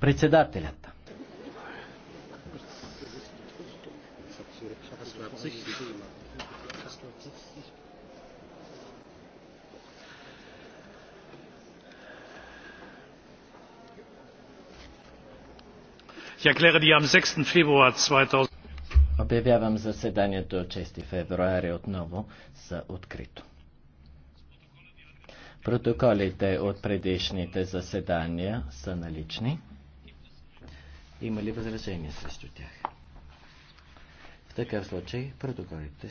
Председателят. Обявявам заседанието от 6 февруари отново за открито. Протоколите от предишните заседания са налични. Има ли възражения срещу тях? В такъв случай протоколите